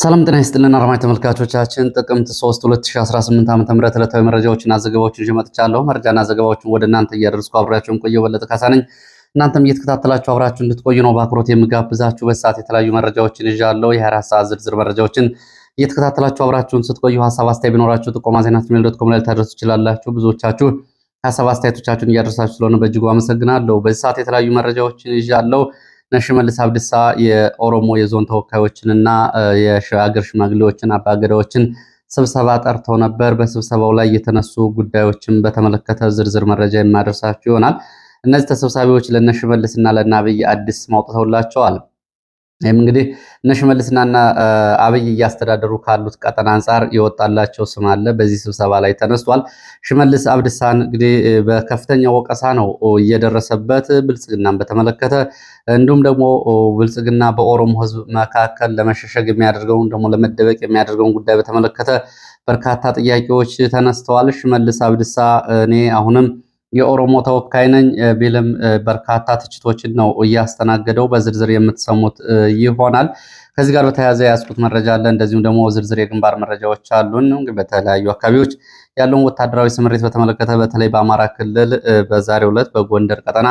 ሰላም ጤና ይስጥልን አርማጅ ተመልካቾቻችን፣ ጥቅምት 3 2018 ዓ ም ዕለታዊ እና ዘገባዎችን ይዤ መጥቻለሁ። መረጃና ዘገባዎችን ወደ እናንተ እያደረስኩ አብሬያቸውን ቆየው በለጠ ካሳ ነኝ። እናንተም እየተከታተላችሁ አብራችሁ እንድትቆዩ ነው በአክብሮት የምጋብዛችሁ። በሰዓት የተለያዩ መረጃዎችን ይዣለሁ። የ24 ሰዓት ዝርዝር መረጃዎችን እየተከታተላችሁ አብራችሁን ስትቆዩ ሀሳብ አስተያየት ቢኖራችሁ ጥቆማ ዜና ጂሜል ዶት ኮም ላይ ልታደርሱ ትችላላችሁ። ብዙዎቻችሁ ሀሳብ አስተያየቶቻችሁን እያደረሳችሁ ስለሆነ በእጅጉ አመሰግናለሁ። በዚህ ሰዓት የተለያዩ መረጃዎችን ይዣለሁ። ሽመልስ አብዲሳ የኦሮሞ የዞን ተወካዮችንና የሀገር ሽማግሌዎችን አባገዳዎችን ስብሰባ ጠርተው ነበር። በስብሰባው ላይ የተነሱ ጉዳዮችን በተመለከተ ዝርዝር መረጃ የማደርሳችሁ ይሆናል። እነዚህ ተሰብሳቢዎች ለነ ሽመልስና ለነ አብይ አዲስ ማውጥተውላቸዋል። ይህም እንግዲህ እነ ሽመልስና እና አብይ እያስተዳደሩ ካሉት ቀጠና አንጻር የወጣላቸው ስም አለ። በዚህ ስብሰባ ላይ ተነስቷል። ሽመልስ አብድሳን እንግዲህ በከፍተኛ ወቀሳ ነው እየደረሰበት ብልጽግናን በተመለከተ እንዲሁም ደግሞ ብልጽግና በኦሮሞ ሕዝብ መካከል ለመሸሸግ የሚያደርገውን ደግሞ ለመደበቅ የሚያደርገውን ጉዳይ በተመለከተ በርካታ ጥያቄዎች ተነስተዋል። ሽመልስ አብድሳ እኔ አሁንም የኦሮሞ ተወካይ ነኝ ቢልም በርካታ ትችቶችን ነው እያስተናገደው። በዝርዝር የምትሰሙት ይሆናል። ከዚህ ጋር በተያያዘ የያዝኩት መረጃ አለ። እንደዚሁም ደግሞ ዝርዝር የግንባር መረጃዎች አሉን። በተለያዩ አካባቢዎች ያለውን ወታደራዊ ስምሪት በተመለከተ በተለይ በአማራ ክልል በዛሬው ዕለት በጎንደር ቀጠና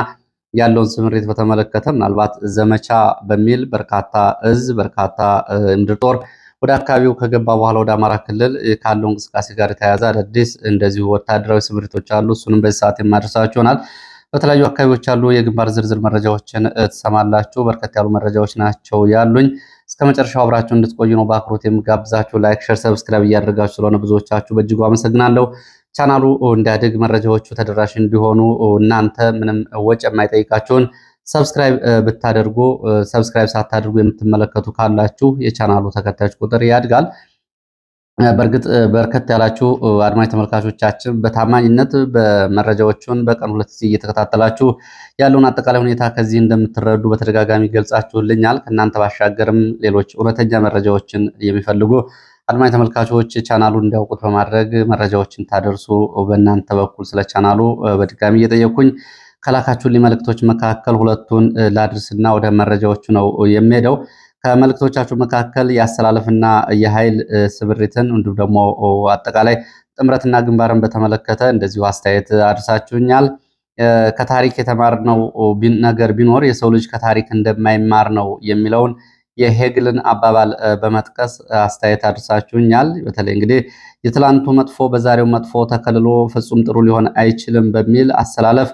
ያለውን ስምሪት በተመለከተ ምናልባት ዘመቻ በሚል በርካታ እዝ በርካታ ምድር ጦር ወደ አካባቢው ከገባ በኋላ ወደ አማራ ክልል ካለው እንቅስቃሴ ጋር የተያያዘ አዳዲስ እንደዚሁ ወታደራዊ ስምሪቶች አሉ። እሱንም በዚህ ሰዓት የማደርሳችሁ ይሆናል። በተለያዩ አካባቢዎች ያሉ የግንባር ዝርዝር መረጃዎችን ትሰማላችሁ። በርከት ያሉ መረጃዎች ናቸው ያሉኝ። እስከ መጨረሻው አብራችሁ እንድትቆዩ ነው በአክብሮት የምጋብዛችሁ። ላይክ፣ ሸር፣ ሰብስክራይብ እያደረጋችሁ ስለሆነ ብዙዎቻችሁ በእጅጉ አመሰግናለሁ። ቻናሉ እንዲያድግ መረጃዎቹ ተደራሽ እንዲሆኑ እናንተ ምንም ወጪ የማይጠይቃችሁን ሰብስክራይብ ብታደርጉ ሰብስክራይብ ሳታደርጉ የምትመለከቱ ካላችሁ የቻናሉ ተከታዮች ቁጥር ያድጋል። በእርግጥ በርከት ያላችሁ አድማጭ ተመልካቾቻችን በታማኝነት በመረጃዎቹን በቀን ሁለት ጊዜ እየተከታተላችሁ ያለውን አጠቃላይ ሁኔታ ከዚህ እንደምትረዱ በተደጋጋሚ ገልጻችሁልኛል። ከእናንተ ባሻገርም ሌሎች እውነተኛ መረጃዎችን የሚፈልጉ አድማኝ ተመልካቾች ቻናሉን እንዲያውቁት በማድረግ መረጃዎችን ታደርሱ በእናንተ በኩል ስለ ቻናሉ በድጋሚ እየጠየኩኝ ከላካችሁልኝ መልእክቶች መካከል ሁለቱን ላድርስና ወደ መረጃዎቹ ነው የሚሄደው። ከመልእክቶቻችሁ መካከል የአሰላለፍና የኃይል ስብሪትን እንዲሁም ደግሞ አጠቃላይ ጥምረትና ግንባርን በተመለከተ እንደዚሁ አስተያየት አድርሳችሁኛል። ከታሪክ የተማርነው ነገር ቢኖር የሰው ልጅ ከታሪክ እንደማይማር ነው የሚለውን የሄግልን አባባል በመጥቀስ አስተያየት አድርሳችሁኛል። በተለይ እንግዲህ የትላንቱ መጥፎ በዛሬው መጥፎ ተከልሎ ፍጹም ጥሩ ሊሆን አይችልም በሚል አሰላለፍ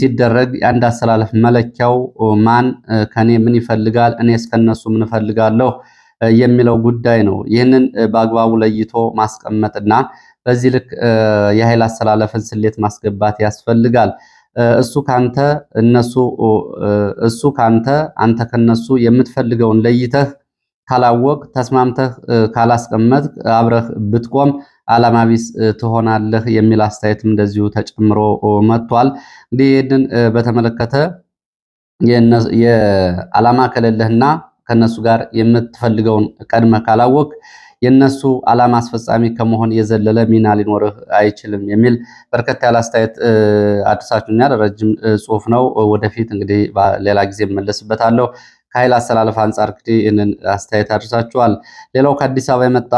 ሲደረግ የአንድ አሰላለፍ መለኪያው ማን ከኔ ምን ይፈልጋል፣ እኔ እስከነሱ ምን እፈልጋለሁ የሚለው ጉዳይ ነው። ይህንን በአግባቡ ለይቶ ማስቀመጥና በዚህ ልክ የኃይል አሰላለፍን ስሌት ማስገባት ያስፈልጋል። እሱ ካንተ እነሱ እሱ ካንተ አንተ ከነሱ የምትፈልገውን ለይተህ ካላወቅ ተስማምተህ ካላስቀመጥ አብረህ ብትቆም አላማቢስ ቢስ ትሆናለህ የሚል አስተያየትም እንደዚሁ ተጨምሮ መጥቷል። እንግዲህ ይህንን በተመለከተ የዓላማ ከሌለህና ከነሱ ጋር የምትፈልገውን ቀድመ ካላወቅ የነሱ ዓላማ አስፈጻሚ ከመሆን የዘለለ ሚና ሊኖርህ አይችልም የሚል በርከት ያለ አስተያየት አድርሳችሁኛል። ረጅም ጽሁፍ ነው። ወደፊት እንግዲህ ሌላ ጊዜ መለስበታለሁ። ከኃይል አሰላለፍ አንጻር እንግዲህ ይህንን አስተያየት አድርሳችኋል። ሌላው ከአዲስ አበባ የመጣ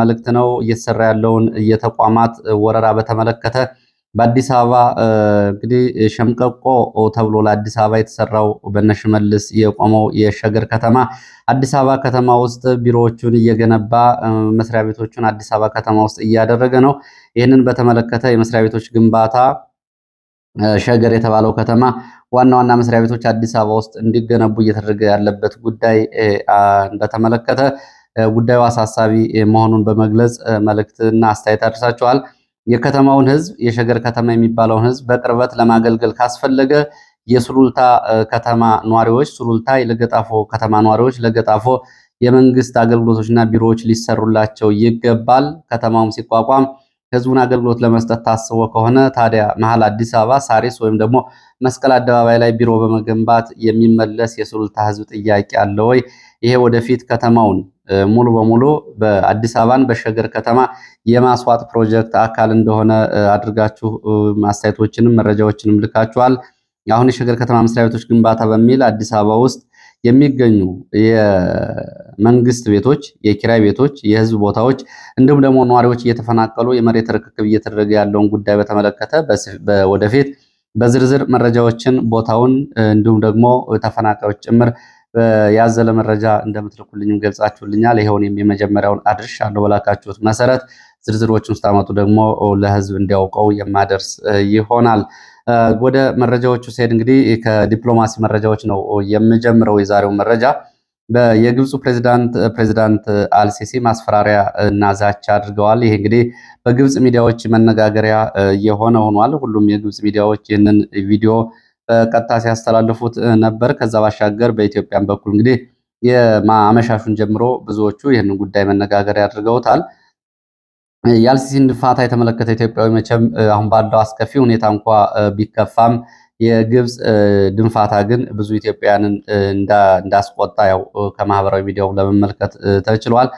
መልእክት ነው። እየተሰራ ያለውን የተቋማት ወረራ በተመለከተ በአዲስ አበባ እንግዲህ ሸምቀቆ ተብሎ ለአዲስ አበባ የተሰራው በነሽመልስ የቆመው የሸገር ከተማ አዲስ አበባ ከተማ ውስጥ ቢሮዎቹን እየገነባ መስሪያ ቤቶቹን አዲስ አበባ ከተማ ውስጥ እያደረገ ነው። ይህንን በተመለከተ የመስሪያ ቤቶች ግንባታ ሸገር የተባለው ከተማ ዋና ዋና መስሪያ ቤቶች አዲስ አበባ ውስጥ እንዲገነቡ እየተደረገ ያለበት ጉዳይ በተመለከተ ጉዳዩ አሳሳቢ መሆኑን በመግለጽ መልእክትና አስተያየት አድርሳቸዋል። የከተማውን ህዝብ የሸገር ከተማ የሚባለውን ህዝብ በቅርበት ለማገልገል ካስፈለገ የሱሉልታ ከተማ ነዋሪዎች፣ ሱሉልታ ለገጣፎ ከተማ ነዋሪዎች ለገጣፎ የመንግስት አገልግሎቶችና ቢሮዎች ሊሰሩላቸው ይገባል። ከተማውም ሲቋቋም ህዝቡን አገልግሎት ለመስጠት ታስቦ ከሆነ ታዲያ መሀል አዲስ አበባ ሳሪስ ወይም ደግሞ መስቀል አደባባይ ላይ ቢሮ በመገንባት የሚመለስ የሱሉልታ ህዝብ ጥያቄ አለ ወይ? ይሄ ወደፊት ከተማውን ሙሉ በሙሉ በአዲስ አበባን በሸገር ከተማ የማስዋጥ ፕሮጀክት አካል እንደሆነ አድርጋችሁ ማስተያየቶችንም መረጃዎችንም ልካችኋል። አሁን የሸገር ከተማ መስሪያ ቤቶች ግንባታ በሚል አዲስ አበባ ውስጥ የሚገኙ የመንግስት ቤቶች፣ የኪራይ ቤቶች፣ የህዝብ ቦታዎች እንዲሁም ደግሞ ነዋሪዎች እየተፈናቀሉ የመሬት ርክክብ እየተደረገ ያለውን ጉዳይ በተመለከተ ወደፊት በዝርዝር መረጃዎችን ቦታውን እንዲሁም ደግሞ ተፈናቃዮች ጭምር ያዘለ መረጃ እንደምትልኩልኝም ገልጻችሁልኛል። ይኸውን የመጀመሪያውን አድርሻለሁ በላካችሁት መሰረት ዝርዝሮችን ስታመጡ ደግሞ ለህዝብ እንዲያውቀው የማደርስ ይሆናል። ወደ መረጃዎቹ ሲሄድ እንግዲህ ከዲፕሎማሲ መረጃዎች ነው የምጀምረው። የዛሬው መረጃ የግብፁ ፕሬዚዳንት ፕሬዚዳንት አልሲሲ ማስፈራሪያ እና ዛቻ አድርገዋል። ይሄ እንግዲህ በግብፅ ሚዲያዎች መነጋገሪያ የሆነ ሆኗል። ሁሉም የግብፅ ሚዲያዎች ይህንን ቪዲዮ በቀጥታ ሲያስተላልፉት ነበር። ከዛ ባሻገር በኢትዮጵያን በኩል እንግዲህ የማመሻሹን ጀምሮ ብዙዎቹ ይህንን ጉዳይ መነጋገሪያ አድርገውታል። የአልሲሲን ፋታ የተመለከተ ኢትዮጵያዊ መቼም አሁን ባለው አስከፊ ሁኔታ እንኳ ቢከፋም የግብፅ ድንፋታ ግን ብዙ ኢትዮጵያውያንን እንዳስቆጣ ያው ከማህበራዊ ሚዲያው ለመመልከት ተችሏል።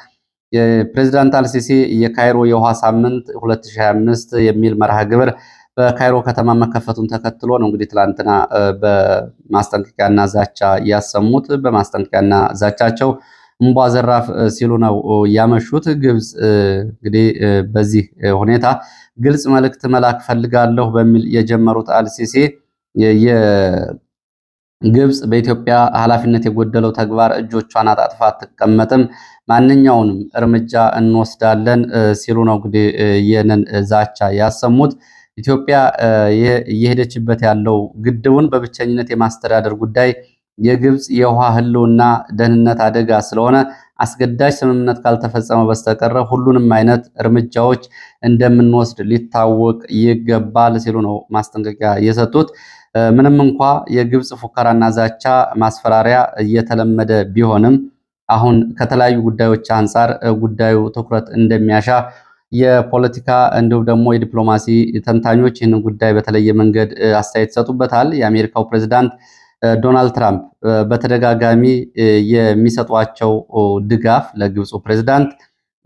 ፕሬዚዳንት አልሲሲ የካይሮ የውሃ ሳምንት 2025 የሚል መርሃ ግብር በካይሮ ከተማ መከፈቱን ተከትሎ ነው እንግዲህ ትላንትና በማስጠንቀቂያና ዛቻ ያሰሙት። በማስጠንቀቂያና ዛቻቸው እምቧ ዘራፍ ሲሉ ነው ያመሹት። ግብፅ እንግዲህ በዚህ ሁኔታ ግልጽ መልእክት መላክ ፈልጋለሁ በሚል የጀመሩት አልሲሲ ግብፅ በኢትዮጵያ ኃላፊነት የጎደለው ተግባር እጆቿን አጣጥፋ አትቀመጥም፣ ማንኛውንም እርምጃ እንወስዳለን ሲሉ ነው እንግዲህ ይህንን ዛቻ ያሰሙት። ኢትዮጵያ እየሄደችበት ያለው ግድቡን በብቸኝነት የማስተዳደር ጉዳይ የግብፅ የውሃ ህልውና ደህንነት አደጋ ስለሆነ አስገዳጅ ስምምነት ካልተፈጸመ በስተቀረ ሁሉንም አይነት እርምጃዎች እንደምንወስድ ሊታወቅ ይገባል ሲሉ ነው ማስጠንቀቂያ የሰጡት። ምንም እንኳ የግብፅ ፉከራና ዛቻ፣ ማስፈራሪያ እየተለመደ ቢሆንም አሁን ከተለያዩ ጉዳዮች አንጻር ጉዳዩ ትኩረት እንደሚያሻ የፖለቲካ እንዲሁም ደግሞ የዲፕሎማሲ ተንታኞች ይህንን ጉዳይ በተለየ መንገድ አስተያየት ይሰጡበታል። የአሜሪካው ፕሬዚዳንት ዶናልድ ትራምፕ በተደጋጋሚ የሚሰጧቸው ድጋፍ ለግብፁ ፕሬዝዳንት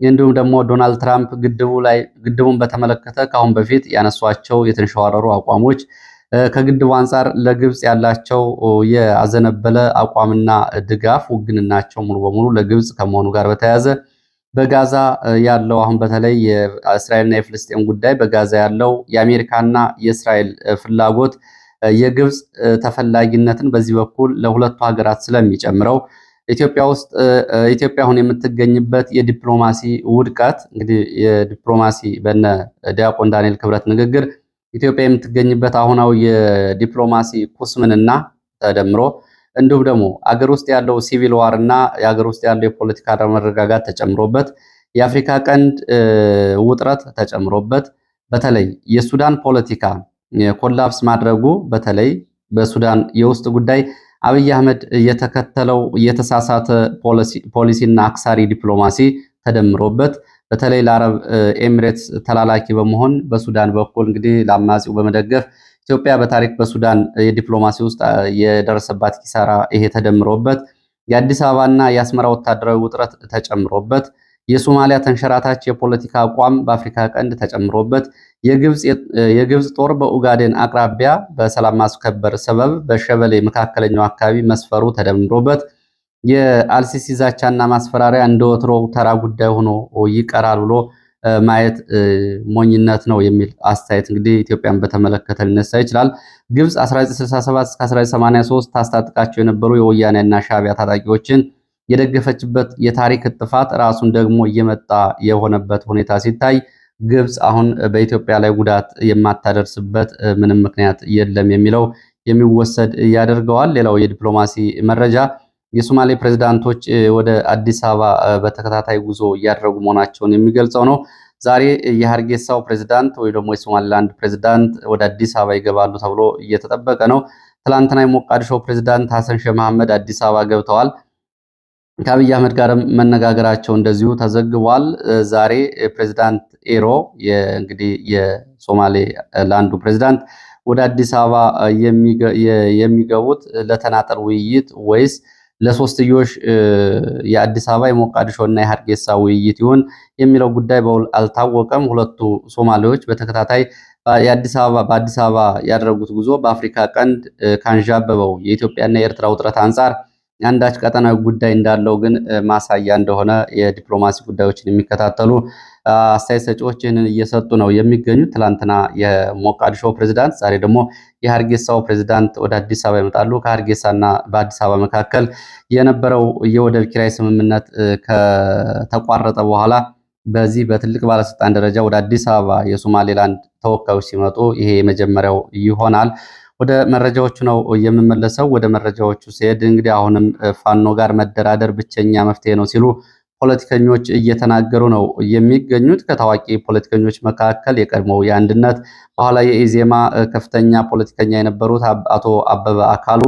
እንዲሁም ደግሞ ዶናልድ ትራምፕ ግድቡ ላይ ግድቡን በተመለከተ ከአሁን በፊት ያነሷቸው የተንሸዋረሩ አቋሞች ከግድቡ አንጻር ለግብፅ ያላቸው የአዘነበለ አቋምና ድጋፍ ውግንናቸው ሙሉ በሙሉ ለግብፅ ከመሆኑ ጋር በተያያዘ በጋዛ ያለው አሁን በተለይ የእስራኤልና የፍልስጤም ጉዳይ በጋዛ ያለው የአሜሪካና የእስራኤል ፍላጎት የግብፅ ተፈላጊነትን በዚህ በኩል ለሁለቱ ሀገራት ስለሚጨምረው ኢትዮጵያ ውስጥ ኢትዮጵያ አሁን የምትገኝበት የዲፕሎማሲ ውድቀት እንግዲህ የዲፕሎማሲ በነ ዲያቆን ዳንኤል ክብረት ንግግር ኢትዮጵያ የምትገኝበት አሁናዊ የዲፕሎማሲ ኩስምንና ተደምሮ እንዲሁም ደግሞ አገር ውስጥ ያለው ሲቪል ዋር እና የአገር ውስጥ ያለው የፖለቲካ አለመረጋጋት ተጨምሮበት የአፍሪካ ቀንድ ውጥረት ተጨምሮበት በተለይ የሱዳን ፖለቲካ ኮላፕስ ማድረጉ በተለይ በሱዳን የውስጥ ጉዳይ አብይ አህመድ የተከተለው የተሳሳተ ፖሊሲና አክሳሪ ዲፕሎማሲ ተደምሮበት በተለይ ለአረብ ኤሚሬትስ ተላላኪ በመሆን በሱዳን በኩል እንግዲህ ለአማጺው በመደገፍ ኢትዮጵያ በታሪክ በሱዳን የዲፕሎማሲ ውስጥ የደረሰባት ኪሳራ ይሄ ተደምሮበት የአዲስ አበባና የአስመራ ወታደራዊ ውጥረት ተጨምሮበት የሶማሊያ ተንሸራታች የፖለቲካ አቋም በአፍሪካ ቀንድ ተጨምሮበት የግብፅ ጦር በኡጋዴን አቅራቢያ በሰላም ማስከበር ሰበብ በሸበሌ መካከለኛው አካባቢ መስፈሩ ተደምሮበት የአልሲሲ ዛቻና ማስፈራሪያ እንደ ወትሮ ተራ ጉዳይ ሆኖ ይቀራል ብሎ ማየት ሞኝነት ነው የሚል አስተያየት እንግዲህ ኢትዮጵያን በተመለከተ ሊነሳ ይችላል። ግብፅ 1967 እስከ 1983 ታስታጥቃቸው የነበሩ የወያኔና ሻቢያ ታጣቂዎችን የደገፈችበት የታሪክ እጥፋት ራሱን ደግሞ እየመጣ የሆነበት ሁኔታ ሲታይ ግብጽ አሁን በኢትዮጵያ ላይ ጉዳት የማታደርስበት ምንም ምክንያት የለም የሚለው የሚወሰድ ያደርገዋል። ሌላው የዲፕሎማሲ መረጃ የሶማሌ ፕሬዝዳንቶች ወደ አዲስ አበባ በተከታታይ ጉዞ እያደረጉ መሆናቸውን የሚገልጸው ነው። ዛሬ የሀርጌሳው ፕሬዝዳንት ወይ ደግሞ የሶማሊላንድ ፕሬዝዳንት ወደ አዲስ አበባ ይገባሉ ተብሎ እየተጠበቀ ነው። ትላንትና የሞቃዲሾ ፕሬዝዳንት ሀሰን ሼህ መሐመድ አዲስ አበባ ገብተዋል። ከአብይ አህመድ ጋርም መነጋገራቸው እንደዚሁ ተዘግቧል። ዛሬ ፕሬዚዳንት ኤሮ እንግዲህ የሶማሌ ላንዱ ፕሬዚዳንት ወደ አዲስ አበባ የሚገቡት ለተናጠል ውይይት ወይስ ለሶስትዮሽ የአዲስ አበባ የሞቃዲሾ እና የሀርጌሳ ውይይት ይሆን የሚለው ጉዳይ በውል አልታወቀም። ሁለቱ ሶማሌዎች በተከታታይ በአዲስ አበባ ያደረጉት ጉዞ በአፍሪካ ቀንድ ካንዣበበው የኢትዮጵያና የኤርትራ ውጥረት አንጻር አንዳች ቀጠናዊ ጉዳይ እንዳለው ግን ማሳያ እንደሆነ የዲፕሎማሲ ጉዳዮችን የሚከታተሉ አስተያየት ሰጪዎች ይህንን እየሰጡ ነው የሚገኙት። ትላንትና የሞቃዲሾ ፕሬዚዳንት፣ ዛሬ ደግሞ የሀርጌሳው ፕሬዚዳንት ወደ አዲስ አበባ ይመጣሉ። ከሀርጌሳና በአዲስ አበባ መካከል የነበረው የወደብ ኪራይ ስምምነት ከተቋረጠ በኋላ በዚህ በትልቅ ባለስልጣን ደረጃ ወደ አዲስ አበባ የሶማሌላንድ ተወካዮች ሲመጡ ይሄ የመጀመሪያው ይሆናል። ወደ መረጃዎቹ ነው የምመለሰው። ወደ መረጃዎቹ ሲሄድ እንግዲህ አሁንም ፋኖ ጋር መደራደር ብቸኛ መፍትሄ ነው ሲሉ ፖለቲከኞች እየተናገሩ ነው የሚገኙት። ከታዋቂ ፖለቲከኞች መካከል የቀድሞው የአንድነት በኋላ የኢዜማ ከፍተኛ ፖለቲከኛ የነበሩት አቶ አበበ አካሉ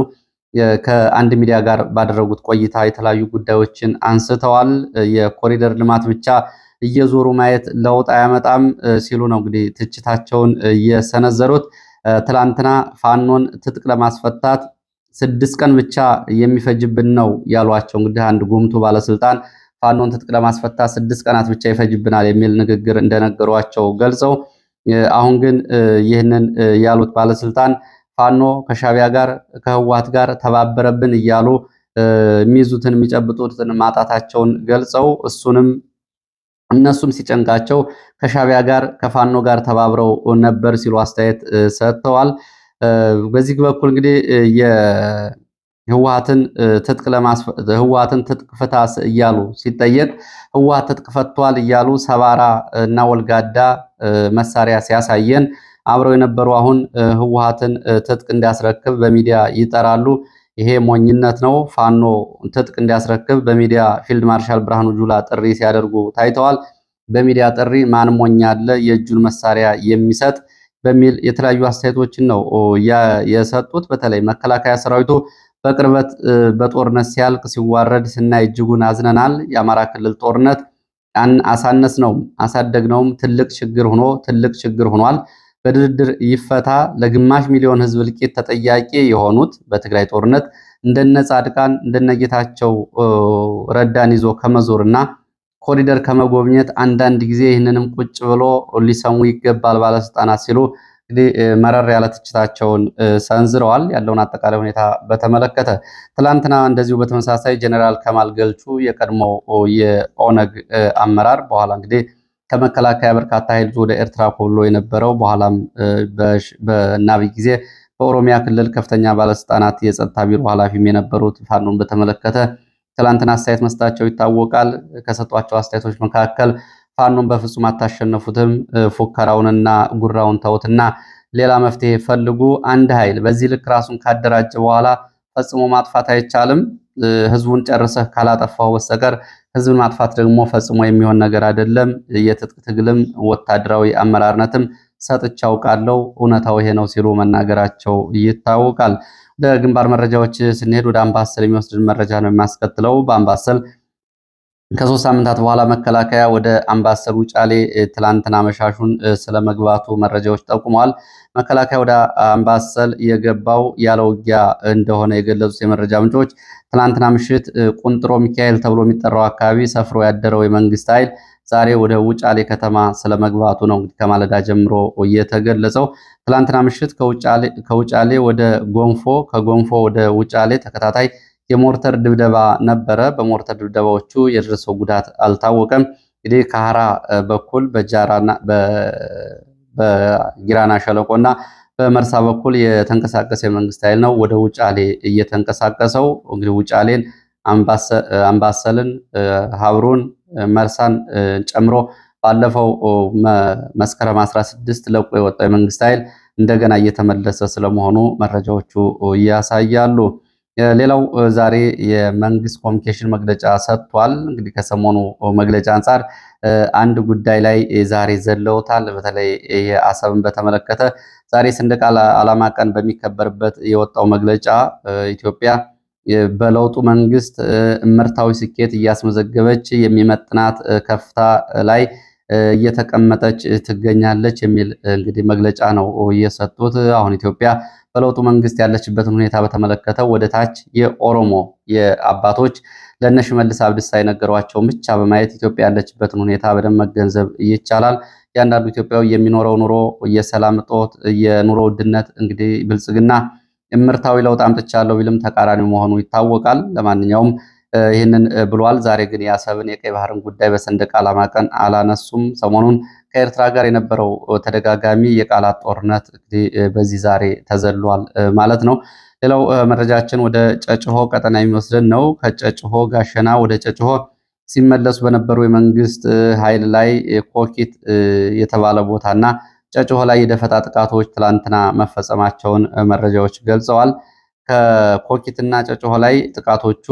ከአንድ ሚዲያ ጋር ባደረጉት ቆይታ የተለያዩ ጉዳዮችን አንስተዋል። የኮሪደር ልማት ብቻ እየዞሩ ማየት ለውጥ አያመጣም ሲሉ ነው እንግዲህ ትችታቸውን እየሰነዘሩት። ትላንትና ፋኖን ትጥቅ ለማስፈታት ስድስት ቀን ብቻ የሚፈጅብን ነው ያሏቸው እንግዲህ አንድ ጉምቱ ባለስልጣን ፋኖን ትጥቅ ለማስፈታት ስድስት ቀናት ብቻ ይፈጅብናል የሚል ንግግር እንደነገሯቸው ገልጸው፣ አሁን ግን ይህንን ያሉት ባለስልጣን ፋኖ ከሻቢያ ጋር ከህዋት ጋር ተባበረብን እያሉ የሚይዙትን የሚጨብጡትን ማጣታቸውን ገልጸው እሱንም እነሱም ሲጨንቃቸው ከሻቢያ ጋር ከፋኖ ጋር ተባብረው ነበር ሲሉ አስተያየት ሰጥተዋል። በዚህ በኩል እንግዲህ የህወሀትን ትጥቅ ህወሓትን ትጥቅ ፍታ እያሉ ሲጠየቅ ህወሀት ትጥቅ ፈቷል እያሉ ሰባራ እና ወልጋዳ መሳሪያ ሲያሳየን አብረው የነበሩ አሁን ህወሀትን ትጥቅ እንዲያስረክብ በሚዲያ ይጠራሉ። ይሄ ሞኝነት ነው። ፋኖ ትጥቅ እንዲያስረክብ በሚዲያ ፊልድ ማርሻል ብርሃኑ ጁላ ጥሪ ሲያደርጉ ታይተዋል። በሚዲያ ጥሪ ማን ሞኝ አለ የእጁን መሳሪያ የሚሰጥ በሚል የተለያዩ አስተያየቶችን ነው የሰጡት። በተለይ መከላከያ ሰራዊቱ በቅርበት በጦርነት ሲያልቅ ሲዋረድ ስናይ እጅጉን አዝነናል። የአማራ ክልል ጦርነት አሳነስ ነውም አሳደግ ነውም ትልቅ ችግር ሆኖ ትልቅ ችግር ሆኗል። በድርድር ይፈታ። ለግማሽ ሚሊዮን ህዝብ እልቂት ተጠያቂ የሆኑት በትግራይ ጦርነት እንደነ ጻድቃን እንደነ ጌታቸው ረዳን ይዞ ከመዞርና ኮሪደር ከመጎብኘት አንዳንድ ጊዜ ይህንንም ቁጭ ብሎ ሊሰሙ ይገባል ባለስልጣናት ሲሉ እንግዲህ መረር ያለ ትችታቸውን ሰንዝረዋል። ያለውን አጠቃላይ ሁኔታ በተመለከተ ትላንትና እንደዚሁ በተመሳሳይ ጀኔራል ከማል ገልቹ የቀድሞ የኦነግ አመራር በኋላ እንግዲህ ከመከላከያ በርካታ ኃይል ወደ ኤርትራ ኮብሎ የነበረው በኋላም በናብይ ጊዜ በኦሮሚያ ክልል ከፍተኛ ባለስልጣናት የጸጥታ ቢሮ ኃላፊም የነበሩት ፋኖን በተመለከተ ትላንትና አስተያየት መስጠታቸው ይታወቃል። ከሰጧቸው አስተያየቶች መካከል ፋኖን በፍጹም አታሸነፉትም፣ ፉከራውንና ጉራውን ተውትና ሌላ መፍትሄ ፈልጉ። አንድ ኃይል በዚህ ልክ ራሱን ካደራጀ በኋላ ፈጽሞ ማጥፋት አይቻልም። ህዝቡን ጨርሰህ ካላጠፋው በስተቀር ህዝብን ማጥፋት ደግሞ ፈጽሞ የሚሆን ነገር አይደለም። የትጥቅ ትግልም ወታደራዊ አመራርነትም ሰጥቼ አውቃለሁ። እውነታው ይሄ ነው ሲሉ መናገራቸው ይታወቃል። ወደ ግንባር መረጃዎች ስንሄድ ወደ አምባሰል የሚወስድን መረጃ ነው የሚያስከትለው በአምባሰል ከሶስት ሳምንታት በኋላ መከላከያ ወደ አምባሰል ውጫሌ ትላንትና መሻሹን ስለመግባቱ መረጃዎች ጠቁመዋል። መከላከያ ወደ አምባሰል የገባው ያለ ውጊያ እንደሆነ የገለጹት የመረጃ ምንጮች ትላንትና ምሽት ቁንጥሮ ሚካኤል ተብሎ የሚጠራው አካባቢ ሰፍሮ ያደረው የመንግስት ኃይል ዛሬ ወደ ውጫሌ ከተማ ስለመግባቱ ነው እንግዲህ ከማለዳ ጀምሮ የተገለጸው። ትላንትና ምሽት ከውጫሌ ወደ ጎንፎ፣ ከጎንፎ ወደ ውጫሌ ተከታታይ የሞርተር ድብደባ ነበረ። በሞርተር ድብደባዎቹ የደረሰው ጉዳት አልታወቀም። እንግዲህ ከሀራ በኩል በጊራና እና በመርሳ በኩል የተንቀሳቀሰ የመንግስት ኃይል ነው ወደ ውጫሌ እየተንቀሳቀሰው እንግዲህ ውጫሌን፣ አምባሰልን፣ ሀብሩን፣ መርሳን ጨምሮ ባለፈው መስከረም 16 ለቆ የወጣው የመንግስት ኃይል እንደገና እየተመለሰ ስለመሆኑ መረጃዎቹ ያሳያሉ። ሌላው ዛሬ የመንግስት ኮሚኒኬሽን መግለጫ ሰጥቷል። እንግዲህ ከሰሞኑ መግለጫ አንጻር አንድ ጉዳይ ላይ ዛሬ ዘለውታል። በተለይ የአሰብን በተመለከተ ዛሬ ሰንደቅ ዓላማ ቀን በሚከበርበት የወጣው መግለጫ ኢትዮጵያ በለውጡ መንግስት እምርታዊ ስኬት እያስመዘገበች የሚመጥናት ከፍታ ላይ እየተቀመጠች ትገኛለች የሚል እንግዲህ መግለጫ ነው እየሰጡት። አሁን ኢትዮጵያ በለውጡ መንግስት ያለችበትን ሁኔታ በተመለከተ ወደ ታች የኦሮሞ የአባቶች ለእነ ሽመልስ አብዲሳ የነገሯቸውን ብቻ በማየት ኢትዮጵያ ያለችበትን ሁኔታ በደንብ መገንዘብ ይቻላል። እያንዳንዱ ኢትዮጵያዊ የሚኖረው ኑሮ፣ የሰላም እጦት፣ የኑሮ ውድነት እንግዲህ ብልጽግና እምርታዊ ለውጥ አምጥቻለሁ ቢልም ተቃራኒ መሆኑ ይታወቃል። ለማንኛውም ይህንን ብሏል። ዛሬ ግን የአሰብን የቀይ ባህርን ጉዳይ በሰንደቅ ዓላማ ቀን አላነሱም። ሰሞኑን ከኤርትራ ጋር የነበረው ተደጋጋሚ የቃላት ጦርነት እንግዲህ በዚህ ዛሬ ተዘሏል ማለት ነው። ሌላው መረጃችን ወደ ጨጭሆ ቀጠና የሚወስደን ነው። ከጨጭሆ ጋሸና ወደ ጨጭሆ ሲመለሱ በነበሩ የመንግስት ኃይል ላይ ኮኪት የተባለ ቦታ እና ጨጭሆ ላይ የደፈጣ ጥቃቶች ትላንትና መፈጸማቸውን መረጃዎች ገልጸዋል። ከኮኪትና ጨጭሆ ላይ ጥቃቶቹ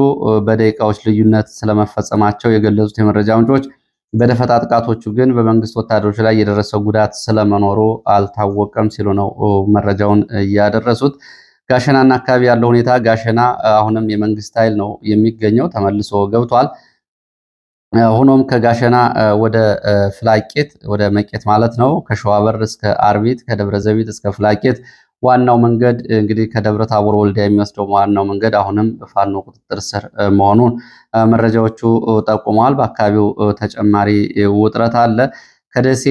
በደቂቃዎች ልዩነት ስለመፈጸማቸው የገለጹት የመረጃ ምንጮች በደፈጣ ጥቃቶቹ ግን በመንግስት ወታደሮች ላይ የደረሰው ጉዳት ስለመኖሩ አልታወቀም ሲሉ ነው መረጃውን ያደረሱት። ጋሸናና አካባቢ ያለው ሁኔታ ጋሸና አሁንም የመንግስት ኃይል ነው የሚገኘው፣ ተመልሶ ገብቷል። ሆኖም ከጋሸና ወደ ፍላቄት ወደ መቄት ማለት ነው ከሸዋበር እስከ አርቢት ከደብረ ዘቢት እስከ ፍላቄት ዋናው መንገድ እንግዲህ ከደብረ ታቦር ወልዲያ የሚወስደው ዋናው መንገድ አሁንም በፋኖ ቁጥጥር ስር መሆኑን መረጃዎቹ ጠቁመዋል። በአካባቢው ተጨማሪ ውጥረት አለ። ከደሴ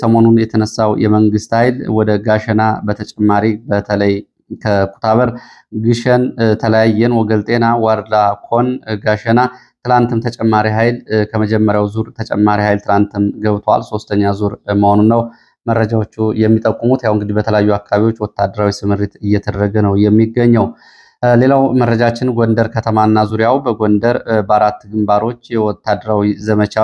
ሰሞኑን የተነሳው የመንግስት ኃይል ወደ ጋሸና በተጨማሪ በተለይ ከኩታበር ግሸን፣ ተለያየን፣ ወገልጤና፣ ዋርላ፣ ኮን፣ ጋሸና ትላንትም ተጨማሪ ኃይል ከመጀመሪያው ዙር ተጨማሪ ኃይል ትላንትም ገብቷል። ሶስተኛ ዙር መሆኑን ነው መረጃዎቹ የሚጠቁሙት። ያው እንግዲህ በተለያዩ አካባቢዎች ወታደራዊ ስምሪት እየተደረገ ነው የሚገኘው። ሌላው መረጃችን ጎንደር ከተማና ዙሪያው በጎንደር በአራት ግንባሮች የወታደራዊ ዘመቻ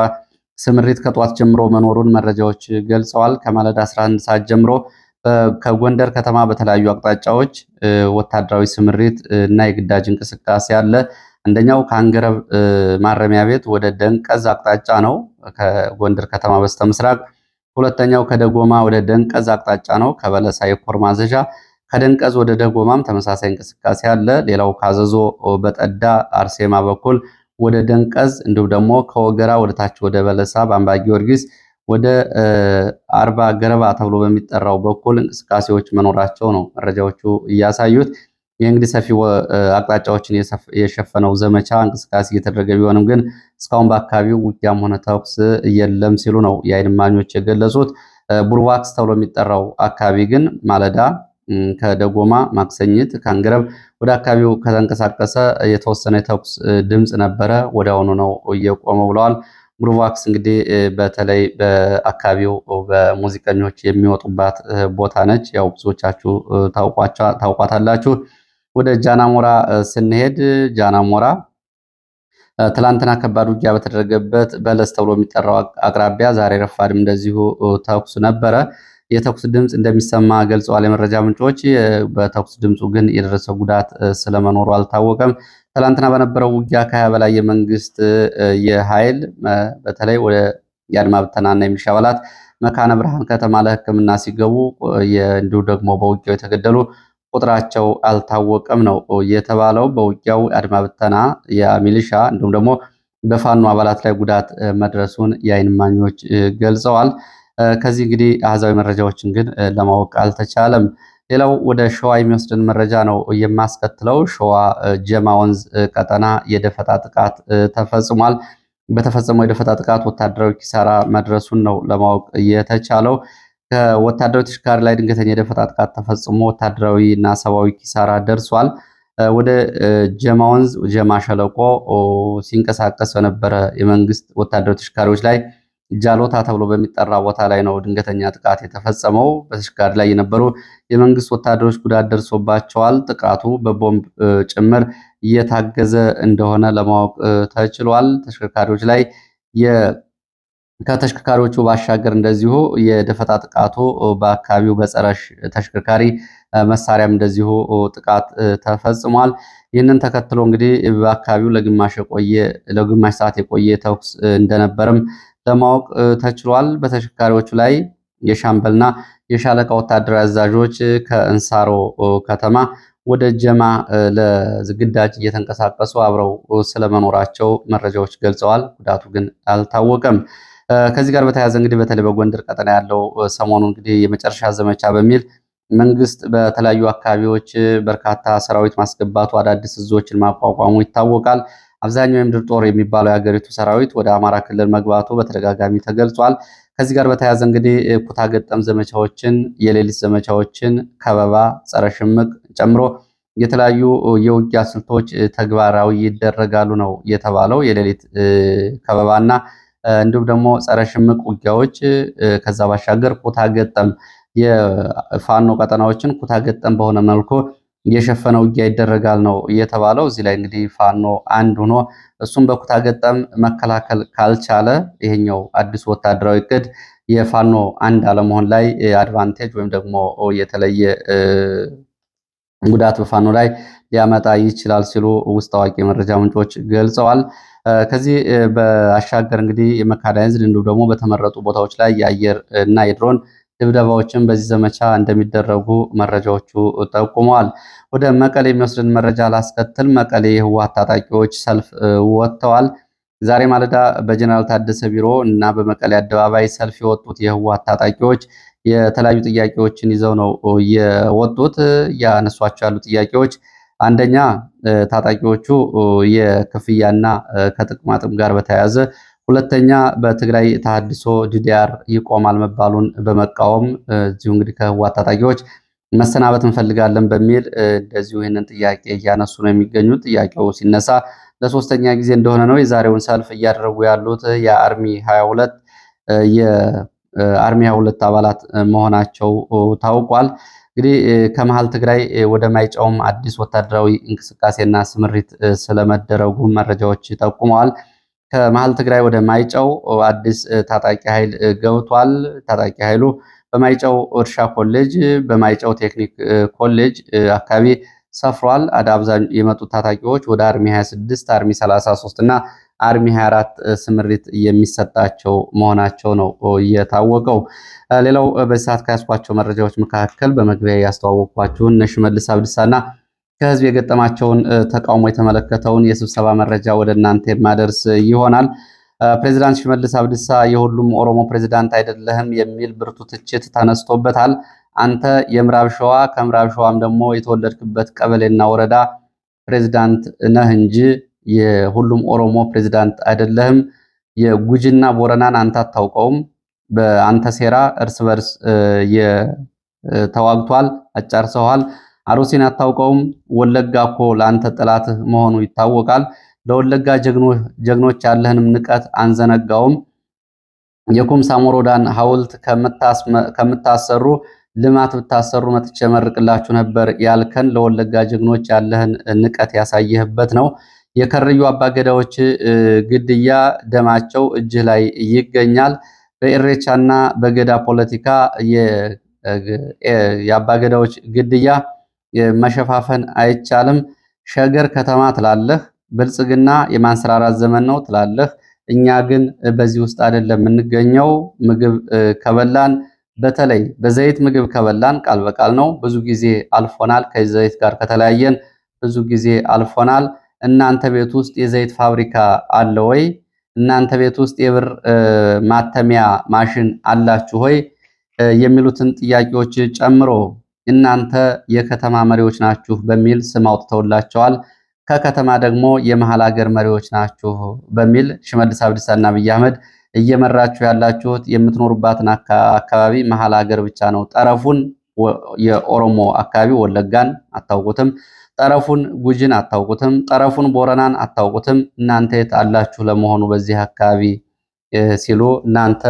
ስምሪት ከጧት ጀምሮ መኖሩን መረጃዎች ገልጸዋል። ከማለዳ 11 ሰዓት ጀምሮ ከጎንደር ከተማ በተለያዩ አቅጣጫዎች ወታደራዊ ስምሪት እና የግዳጅ እንቅስቃሴ አለ። አንደኛው ከአንገረብ ማረሚያ ቤት ወደ ደንቀዝ አቅጣጫ ነው። ከጎንደር ከተማ በስተምስራቅ ሁለተኛው ከደጎማ ወደ ደንቀዝ አቅጣጫ ነው። ከበለሳ የኮር ማዘዣ ከደንቀዝ ወደ ደጎማም ተመሳሳይ እንቅስቃሴ አለ። ሌላው ካዘዞ በጠዳ አርሴማ በኩል ወደ ደንቀዝ እንዲሁም ደግሞ ከወገራ ወደታች ወደ በለሳ በአምባ ጊዮርጊስ ወደ አርባ ገረባ ተብሎ በሚጠራው በኩል እንቅስቃሴዎች መኖራቸው ነው መረጃዎቹ እያሳዩት። የእንግዲህ ሰፊ አቅጣጫዎችን የሸፈነው ዘመቻ እንቅስቃሴ እየተደረገ ቢሆንም ግን እስካሁን በአካባቢው ውጊያም ሆነ ተኩስ የለም ሲሉ ነው የዓይን እማኞች የገለጹት። ቡርባክስ ተብሎ የሚጠራው አካባቢ ግን ማለዳ ከደጎማ ማክሰኝት ከአንገረብ ወደ አካባቢው ከተንቀሳቀሰ የተወሰነ የተኩስ ድምፅ ነበረ። ወዲያውኑ ነው እየቆመው ብለዋል። ጉሩቫክስ እንግዲህ በተለይ በአካባቢው በሙዚቀኞች የሚወጡባት ቦታ ነች። ያው ብዙዎቻችሁ ታውቋታላችሁ። ወደ ጃናሞራ ስንሄድ ጃናሞራ ትላንትና ከባድ ውጊያ በተደረገበት በለስ ተብሎ የሚጠራው አቅራቢያ ዛሬ ረፋድም እንደዚሁ ተኩስ ነበረ። የተኩስ ድምፅ እንደሚሰማ ገልጸዋል የመረጃ ምንጮች። በተኩስ ድምፁ ግን የደረሰ ጉዳት ስለመኖሩ አልታወቀም። ትላንትና በነበረው ውጊያ ከሀያ በላይ የመንግስት የኃይል በተለይ ወደ የአድማ ብተናና የሚሊሻ አባላት መካነ ብርሃን ከተማ ለሕክምና ሲገቡ እንዲሁ ደግሞ በውጊያው የተገደሉ ቁጥራቸው አልታወቀም ነው የተባለው። በውጊያው አድማ ብተና የሚሊሻ እንዲሁም ደግሞ በፋኖ አባላት ላይ ጉዳት መድረሱን የአይን እማኞች ገልጸዋል። ከዚህ እንግዲህ አሃዛዊ መረጃዎችን ግን ለማወቅ አልተቻለም። ሌላው ወደ ሸዋ የሚወስድን መረጃ ነው የማስከትለው። ሸዋ ጀማ ወንዝ ቀጠና የደፈጣ ጥቃት ተፈጽሟል። በተፈጸመው የደፈጣ ጥቃት ወታደራዊ ኪሳራ መድረሱን ነው ለማወቅ የተቻለው። ከወታደራዊ ተሽከርካሪ ላይ ድንገተኛ የደፈጣ ጥቃት ተፈጽሞ ወታደራዊ እና ሰብአዊ ኪሳራ ደርሷል። ወደ ጀማ ወንዝ ጀማ ሸለቆ ሲንቀሳቀስ በነበረ የመንግስት ወታደራዊ ተሽከርካሪዎች ላይ ጃሎታ ተብሎ በሚጠራ ቦታ ላይ ነው ድንገተኛ ጥቃት የተፈጸመው። በተሽከርካሪ ላይ የነበሩ የመንግስት ወታደሮች ጉዳት ደርሶባቸዋል። ጥቃቱ በቦምብ ጭምር እየታገዘ እንደሆነ ለማወቅ ተችሏል። ተሽከርካሪዎች ላይ ከተሽከርካሪዎቹ ባሻገር እንደዚሁ የደፈጣ ጥቃቱ በአካባቢው በጸረ ተሽከርካሪ መሳሪያም እንደዚሁ ጥቃት ተፈጽሟል። ይህንን ተከትሎ እንግዲህ በአካባቢው ለግማሽ የቆየ ለግማሽ ሰዓት የቆየ ተኩስ እንደነበርም ለማወቅ ተችሏል። በተሽከርካሪዎቹ ላይ የሻምበልና የሻለቃ ወታደራዊ አዛዦች ከእንሳሮ ከተማ ወደ ጀማ ለግዳጅ እየተንቀሳቀሱ አብረው ስለመኖራቸው መረጃዎች ገልጸዋል። ጉዳቱ ግን አልታወቀም። ከዚህ ጋር በተያያዘ እንግዲህ በተለይ በጎንደር ቀጠና ያለው ሰሞኑ እንግዲህ የመጨረሻ ዘመቻ በሚል መንግስት በተለያዩ አካባቢዎች በርካታ ሰራዊት ማስገባቱ አዳዲስ እዞችን ማቋቋሙ ይታወቃል። አብዛኛው የምድር ጦር የሚባለው የሀገሪቱ ሰራዊት ወደ አማራ ክልል መግባቱ በተደጋጋሚ ተገልጿል። ከዚህ ጋር በተያያዘ እንግዲህ ኩታ ገጠም ዘመቻዎችን፣ የሌሊት ዘመቻዎችን፣ ከበባ፣ ጸረ ሽምቅ ጨምሮ የተለያዩ የውጊያ ስልቶች ተግባራዊ ይደረጋሉ ነው የተባለው። የሌሊት ከበባና እንዲሁም ደግሞ ጸረ ሽምቅ ውጊያዎች ከዛ ባሻገር ኩታ ገጠም የፋኖ ቀጠናዎችን ኩታ ገጠም በሆነ መልኩ የሸፈነ ውጊያ ይደረጋል ነው እየተባለው። እዚህ ላይ እንግዲህ ፋኖ አንድ ሆኖ እሱም በኩታ ገጠም መከላከል ካልቻለ ይሄኛው አዲሱ ወታደራዊ እቅድ የፋኖ አንድ አለመሆን ላይ አድቫንቴጅ ወይም ደግሞ የተለየ ጉዳት በፋኖ ላይ ሊያመጣ ይችላል ሲሉ ውስጥ አዋቂ መረጃ ምንጮች ገልጸዋል። ከዚህ በአሻገር እንግዲህ የመካዳይዝድ እንዲሁም ደግሞ በተመረጡ ቦታዎች ላይ የአየር እና የድሮን ድብደባዎችን በዚህ ዘመቻ እንደሚደረጉ መረጃዎቹ ጠቁመዋል። ወደ መቀሌ የሚወስድን መረጃ ላስከትል። መቀሌ የህወሓት ታጣቂዎች ሰልፍ ወጥተዋል። ዛሬ ማለዳ በጀነራል ታደሰ ቢሮ እና በመቀሌ አደባባይ ሰልፍ የወጡት የህወሓት ታጣቂዎች የተለያዩ ጥያቄዎችን ይዘው ነው የወጡት። ያነሷቸው ያሉ ጥያቄዎች አንደኛ ታጣቂዎቹ የክፍያና ከጥቅማጥቅም ጋር በተያያዘ ሁለተኛ በትግራይ ተሃድሶ ዲዲአር ይቆማል መባሉን በመቃወም እዚሁ እንግዲህ ከህወሓት ታጣቂዎች መሰናበት እንፈልጋለን በሚል እንደዚሁ ይህንን ጥያቄ እያነሱ ነው የሚገኙት። ጥያቄው ሲነሳ ለሶስተኛ ጊዜ እንደሆነ ነው የዛሬውን ሰልፍ እያደረጉ ያሉት። የአርሚ 22 የአርሚ 22 አባላት መሆናቸው ታውቋል። እንግዲህ ከመሀል ትግራይ ወደ ማይጨውም አዲስ ወታደራዊ እንቅስቃሴና ስምሪት ስለመደረጉ መረጃዎች ጠቁመዋል። ከመሀል ትግራይ ወደ ማይጨው አዲስ ታጣቂ ኃይል ገብቷል። ታጣቂ ኃይሉ በማይጨው እርሻ ኮሌጅ፣ በማይጨው ቴክኒክ ኮሌጅ አካባቢ ሰፍሯል። አዳ አብዛኛው የመጡት ታጣቂዎች ወደ አርሚ 26 አርሚ 33 እና አርሚ 24 ስምሪት የሚሰጣቸው መሆናቸው ነው የታወቀው። ሌላው በዚህ ሰዓት ከያዝኳቸው መረጃዎች መካከል በመግቢያ ያስተዋወቅኳችሁን እነ ሽመልስ አብዲሳና ከህዝብ የገጠማቸውን ተቃውሞ የተመለከተውን የስብሰባ መረጃ ወደ እናንተ የማደርስ ይሆናል። ፕሬዚዳንት ሽመልስ አብዲሳ የሁሉም ኦሮሞ ፕሬዚዳንት አይደለህም የሚል ብርቱ ትችት ተነስቶበታል። አንተ የምዕራብ ሸዋ ከምዕራብ ሸዋም ደግሞ የተወለድክበት ቀበሌና ወረዳ ፕሬዚዳንት ነህ እንጂ የሁሉም ኦሮሞ ፕሬዝዳንት አይደለህም፣ የጉጂና ቦረናን አንተ አታውቀውም፣ በአንተ ሴራ እርስ በርስ ተዋግቷል፣ አጫርሰዋል። አሮሴን አታውቀውም፣ ወለጋ እኮ ለአንተ መሆኑ ይታወቃል። ለወለጋ ጀግኖች ያለህንም ንቀት አንዘነጋውም። የኩምሳ ሞሮዳን ሐውልት ከምታሰሩ ልማት ብታሰሩ መጥቼ መርቅላችሁ ነበር ያልከን ለወለጋ ጀግኖች ያለህን ንቀት ያሳየህበት ነው። የከርዩ አባገዳዎች ግድያ ደማቸው እጅህ ላይ ይገኛል። በኢሬቻና በገዳ ፖለቲካ የአባገዳዎች ግድያ መሸፋፈን አይቻልም። ሸገር ከተማ ትላለህ፣ ብልጽግና የማንሰራራት ዘመን ነው ትላለህ። እኛ ግን በዚህ ውስጥ አይደለም የምንገኘው። ምግብ ከበላን በተለይ በዘይት ምግብ ከበላን ቃል በቃል ነው። ብዙ ጊዜ አልፎናል። ከዘይት ጋር ከተለያየን ብዙ ጊዜ አልፎናል። እናንተ ቤት ውስጥ የዘይት ፋብሪካ አለ ወይ? እናንተ ቤት ውስጥ የብር ማተሚያ ማሽን አላችሁ ሆይ? የሚሉትን ጥያቄዎች ጨምሮ እናንተ የከተማ መሪዎች ናችሁ በሚል ስም አውጥተውላቸዋል። ከከተማ ደግሞ የመሀል ሀገር መሪዎች ናችሁ በሚል ሽመልስ አብዲሳና አብይ አህመድ እየመራችሁ ያላችሁት የምትኖሩባትን አካባቢ መሀል ሀገር ብቻ ነው። ጠረፉን የኦሮሞ አካባቢ ወለጋን አታውቁትም። ጠረፉን ጉጅን አታውቁትም፣ ጠረፉን ቦረናን አታውቁትም። እናንተ የት አላችሁ ለመሆኑ በዚህ አካባቢ ሲሉ እናንተ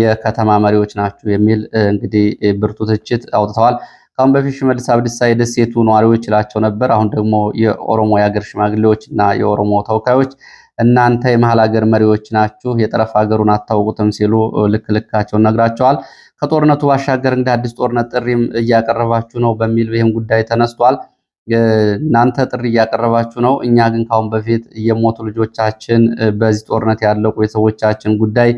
የከተማ መሪዎች ናችሁ የሚል እንግዲህ ብርቱ ትችት አውጥተዋል። ከአሁን በፊት ሽመልስ አብዲሳ የደሴቱ ነዋሪዎች ይላቸው ነበር። አሁን ደግሞ የኦሮሞ የሀገር ሽማግሌዎች እና የኦሮሞ ተወካዮች እናንተ የመሀል ሀገር መሪዎች ናችሁ፣ የጠረፍ ሀገሩን አታውቁትም ሲሉ ልክ ልካቸውን ነግራቸዋል። ከጦርነቱ ባሻገር እንግዲህ አዲስ ጦርነት ጥሪም እያቀረባችሁ ነው በሚል ይህም ጉዳይ ተነስቷል። እናንተ ጥሪ እያቀረባችሁ ነው። እኛ ግን ካሁን በፊት የሞቱ ልጆቻችን፣ በዚህ ጦርነት ያለቁ የሰዎቻችን ጉዳይ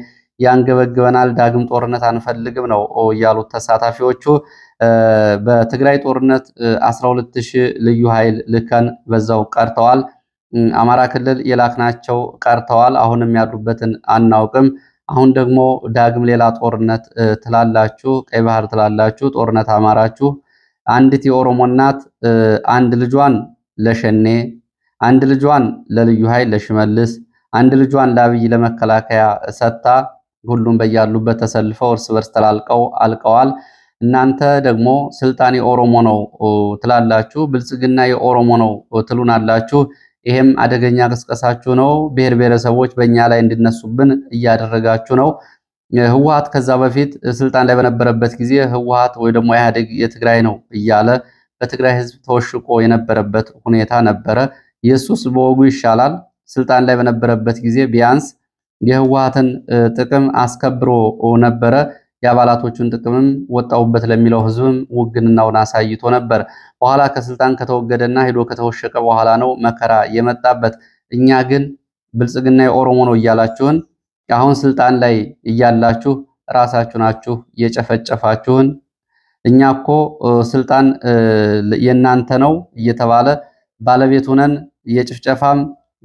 ያንገበግበናል። ዳግም ጦርነት አንፈልግም ነው እያሉት ተሳታፊዎቹ። በትግራይ ጦርነት 12 ሺህ ልዩ ኃይል ልከን በዛው ቀርተዋል። አማራ ክልል የላክናቸው ቀርተዋል። አሁንም ያሉበትን አናውቅም። አሁን ደግሞ ዳግም ሌላ ጦርነት ትላላችሁ፣ ቀይ ባህር ትላላችሁ፣ ጦርነት አማራችሁ አንዲት የኦሮሞ እናት አንድ ልጇን ለሸኔ፣ አንድ ልጇን ለልዩ ኃይል ለሽመልስ፣ አንድ ልጇን ለአብይ ለመከላከያ ሰጥታ ሁሉም በያሉበት ተሰልፈው እርስ በርስ ተላልቀው አልቀዋል። እናንተ ደግሞ ስልጣን የኦሮሞ ነው ትላላችሁ፣ ብልጽግና የኦሮሞ ነው ትሉናላችሁ። ይሄም አደገኛ ቅስቀሳችሁ ነው። ብሔር ብሔረሰቦች በእኛ ላይ እንዲነሱብን እያደረጋችሁ ነው። ህወሀት ከዛ በፊት ስልጣን ላይ በነበረበት ጊዜ ህወሀት ወይ ደግሞ ኢህአዴግ የትግራይ ነው እያለ በትግራይ ህዝብ ተወሽቆ የነበረበት ሁኔታ ነበረ። የእሱስ በወጉ ይሻላል። ስልጣን ላይ በነበረበት ጊዜ ቢያንስ የህወሀትን ጥቅም አስከብሮ ነበረ። የአባላቶቹን ጥቅምም ወጣውበት ለሚለው ህዝብም ውግንናውን አሳይቶ ነበር። በኋላ ከስልጣን ከተወገደና ሄዶ ከተወሸቀ በኋላ ነው መከራ የመጣበት። እኛ ግን ብልጽግና የኦሮሞ ነው እያላችሁን አሁን ስልጣን ላይ እያላችሁ ራሳችሁ ናችሁ እየጨፈጨፋችሁን። እኛ እኮ ስልጣን የእናንተ ነው እየተባለ ባለቤት ሆነን የጭፍጨፋም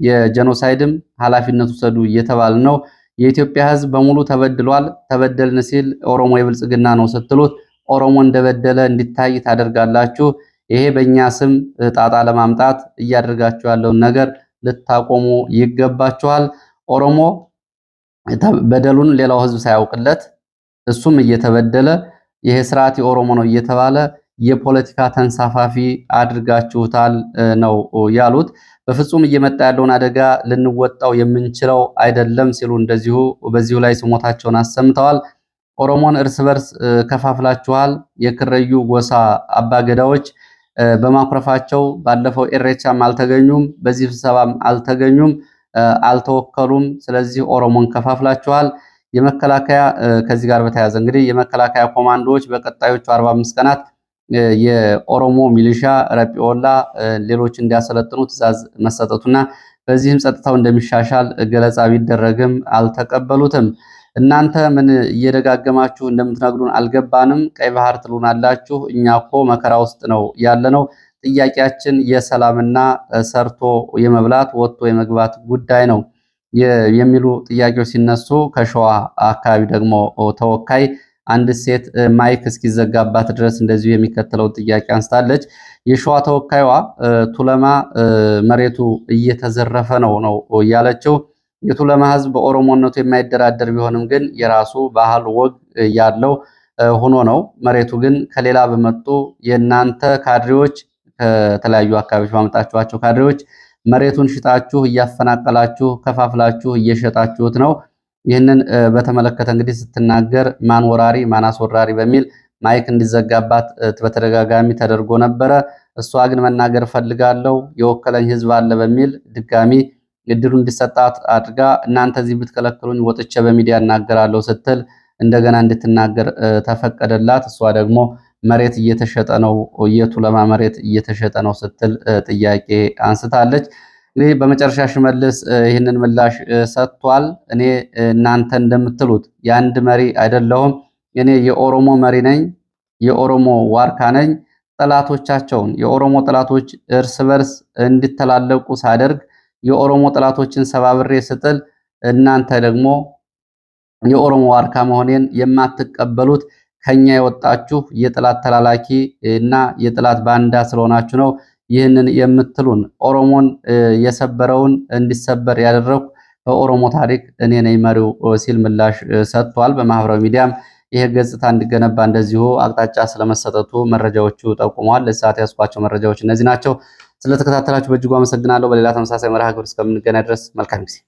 የጀኖሳይድም ኃላፊነት ውሰዱ እየተባለ ነው። የኢትዮጵያ ሕዝብ በሙሉ ተበድሏል። ተበደልን ሲል ኦሮሞ የብልጽግና ነው ስትሉት ኦሮሞ እንደበደለ እንዲታይ ታደርጋላችሁ። ይሄ በእኛ ስም ጣጣ ለማምጣት እያደርጋችሁ ያለውን ነገር ልታቆሙ ይገባችኋል። ኦሮሞ በደሉን ሌላው ህዝብ ሳያውቅለት እሱም እየተበደለ ይሄ ስርዓት የኦሮሞ ነው እየተባለ የፖለቲካ ተንሳፋፊ አድርጋችሁታል ነው ያሉት። በፍጹም እየመጣ ያለውን አደጋ ልንወጣው የምንችለው አይደለም ሲሉ እንደዚሁ በዚሁ ላይ ስሞታቸውን አሰምተዋል። ኦሮሞን እርስ በርስ ከፋፍላችኋል። የክረዩ ጎሳ አባገዳዎች በማኩረፋቸው ባለፈው ኤሬቻም አልተገኙም፣ በዚህ ስብሰባም አልተገኙም። አልተወከሉም። ስለዚህ ኦሮሞን ከፋፍላችኋል። የመከላከያ ከዚህ ጋር በተያያዘ እንግዲህ የመከላከያ ኮማንዶዎች በቀጣዮቹ 45 ቀናት የኦሮሞ ሚሊሻ ረጲወላ ሌሎች እንዲያሰለጥኑ ትዛዝ መሰጠቱና በዚህም ጸጥታው እንደሚሻሻል ገለጻ ቢደረግም አልተቀበሉትም። እናንተ ምን እየደጋገማችሁ እንደምትነግሩን አልገባንም። ቀይ ባህር ትሉናላችሁ፣ እኛ እኮ መከራ ውስጥ ነው ያለ ነው። ጥያቄያችን የሰላምና ሰርቶ የመብላት ወጥቶ የመግባት ጉዳይ ነው የሚሉ ጥያቄዎች ሲነሱ ከሸዋ አካባቢ ደግሞ ተወካይ አንድ ሴት ማይክ እስኪዘጋባት ድረስ እንደዚሁ የሚከተለውን ጥያቄ አንስታለች። የሸዋ ተወካይዋ ቱለማ መሬቱ እየተዘረፈ ነው ነው ያለችው። የቱለማ ሕዝብ በኦሮሞነቱ የማይደራደር ቢሆንም ግን የራሱ ባህል ወግ ያለው ሆኖ ነው። መሬቱ ግን ከሌላ በመጡ የእናንተ ካድሬዎች ከተለያዩ አካባቢዎች ባመጣችኋቸው ካድሬዎች መሬቱን ሽጣችሁ እያፈናቀላችሁ ከፋፍላችሁ እየሸጣችሁት ነው። ይህንን በተመለከተ እንግዲህ ስትናገር ማን ወራሪ ማን አስወራሪ በሚል ማይክ እንዲዘጋባት በተደጋጋሚ ተደርጎ ነበረ። እሷ ግን መናገር እፈልጋለሁ የወከለኝ ሕዝብ አለ በሚል ድጋሚ እድሉ እንዲሰጣት አድርጋ እናንተ እዚህ ብትከለክሉኝ ወጥቼ በሚዲያ እናገራለሁ ስትል እንደገና እንድትናገር ተፈቀደላት። እሷ ደግሞ መሬት እየተሸጠ ነው፣ የቱለማ መሬት እየተሸጠ ነው ስትል ጥያቄ አንስታለች። እንግዲህ በመጨረሻ ሽመልስ ይህንን ምላሽ ሰጥቷል። እኔ እናንተ እንደምትሉት የአንድ መሪ አይደለሁም። እኔ የኦሮሞ መሪ ነኝ፣ የኦሮሞ ዋርካ ነኝ። ጠላቶቻቸውን የኦሮሞ ጠላቶች እርስ በርስ እንዲተላለቁ ሳደርግ የኦሮሞ ጠላቶችን ሰባብሬ ስጥል እናንተ ደግሞ የኦሮሞ ዋርካ መሆኔን የማትቀበሉት ከኛ የወጣችሁ የጥላት ተላላኪ እና የጥላት ባንዳ ስለሆናችሁ ነው ይህንን የምትሉን። ኦሮሞን የሰበረውን እንዲሰበር ያደረግኩ በኦሮሞ ታሪክ እኔ ነኝ መሪው ሲል ምላሽ ሰጥቷል። በማህበራዊ ሚዲያም ይሄ ገጽታ እንዲገነባ እንደዚሁ አቅጣጫ ስለመሰጠቱ መረጃዎቹ ጠቁመዋል። ለሰዓት ያስኳቸው መረጃዎች እነዚህ ናቸው። ስለተከታተላችሁ በእጅጉ አመሰግናለሁ። በሌላ ተመሳሳይ መርሃ ግብር እስከምንገናኝ ድረስ መልካም ጊዜ